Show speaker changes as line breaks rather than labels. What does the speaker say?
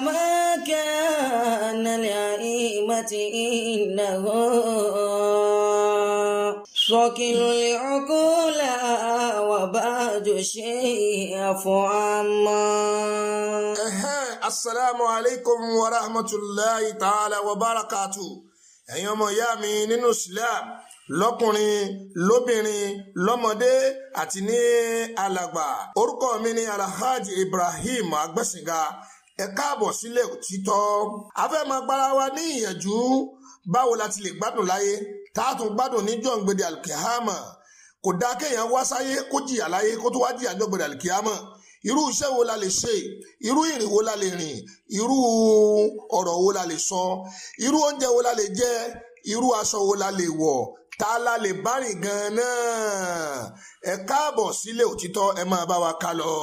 ما كان لأئمة إنه شاكر لعقول وبعد شيء فعما
السلام عليكم ورحمة الله تعالى وبركاته ẹ̀yin ọmọ ìyá mi nínú Islam lọ́kùnrin lóbìnrin lọ́mọdé àti ní alàgbà orúkọ mi ni Alhaji Ibrahim Agbẹ́sìnga ẹ káàbọ̀ sílé òtítọ́ a fẹ́ máa gbára wa ní ìyànjú báwo la ti lè gbádùn láyé tá a tún gbádùn ní jọ̀ǹgbèdè alkihama kò dáa kéèyàn wá sáyé kó jìyà láyé kó tó wá jìyà jọ̀ǹgbèdè alkihama irú iṣẹ́ wo la lè ṣe irú ìrìn wo la lè rìn irú ọ̀rọ̀ wo la lè sọ irú oúnjẹ wo la lè jẹ irú aṣọ wo la lè wọ̀ ta la lè bá rìn gan-an ẹ káàbọ̀ sílé òtítọ́ ẹ máa bá wa ká lọ.